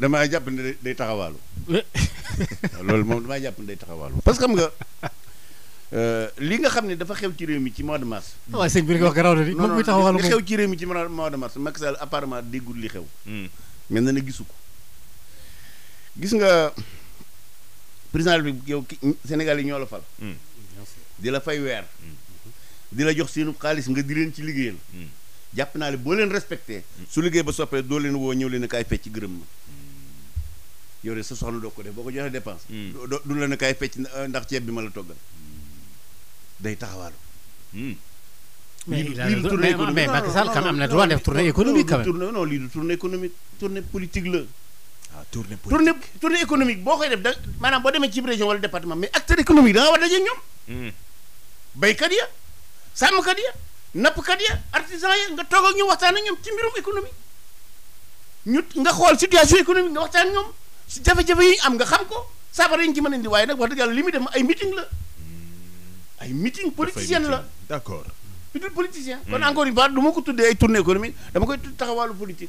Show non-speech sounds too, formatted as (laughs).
damaa jàpp ne day taxawaalu (laughs) loolu moom damaa jàpp ne day taxawaalu parce que xam nga euh, li nga xam ne dafa xew ci réew mi ci mois de mars. Ah waaw sëñ bi nga wax garaaw na di moom muy taxawaalu moom li xew ci réew mi ci mois de mars Macky Sall mel hmm. na ne gisu ko gis nga président bi yow Sénégal yi ñoo la fal. Hmm. di la fay weer. Hmm. di la jox seenu xaalis nga di leen ci liggéeyal. jàpp naa ne boo leen respecté. su liggéey ba soppee doo leen woo ñëw leen a kaay fecc ci gërëm ma. yow de sa soxla doo ko def boo ko joxee dépense. Hmm. du la ne kaay fecc ndax ceeb bi ma la toggal. Hmm. day taxawaalu. Hmm. mais lii du tournée économique mais Macky Sall quand même am na droit def tournée économique quand même. non lii du tournée la. ah tournée boo koy def da maanaam boo demee ci région wala département mais acteur économique da war a daje ñoom. béykat ya sàmmkat ya nappkat ya artisan ya nga toog ak ñoom waxtaan ak ñoom ci mbirum économie ñu nga xool situation économique nga waxtaan ñoom. si jafe-jafe yi am nga xam ko saafara yi ñu ci mën a indi waaye nag wax dëgg yàlla li muy def ay meeting la ay meeting politicien la d'accord. du politicien. Mm. kon encore une fois du ma ko tuddee ay tournée économique dama koy taxawaalu politique.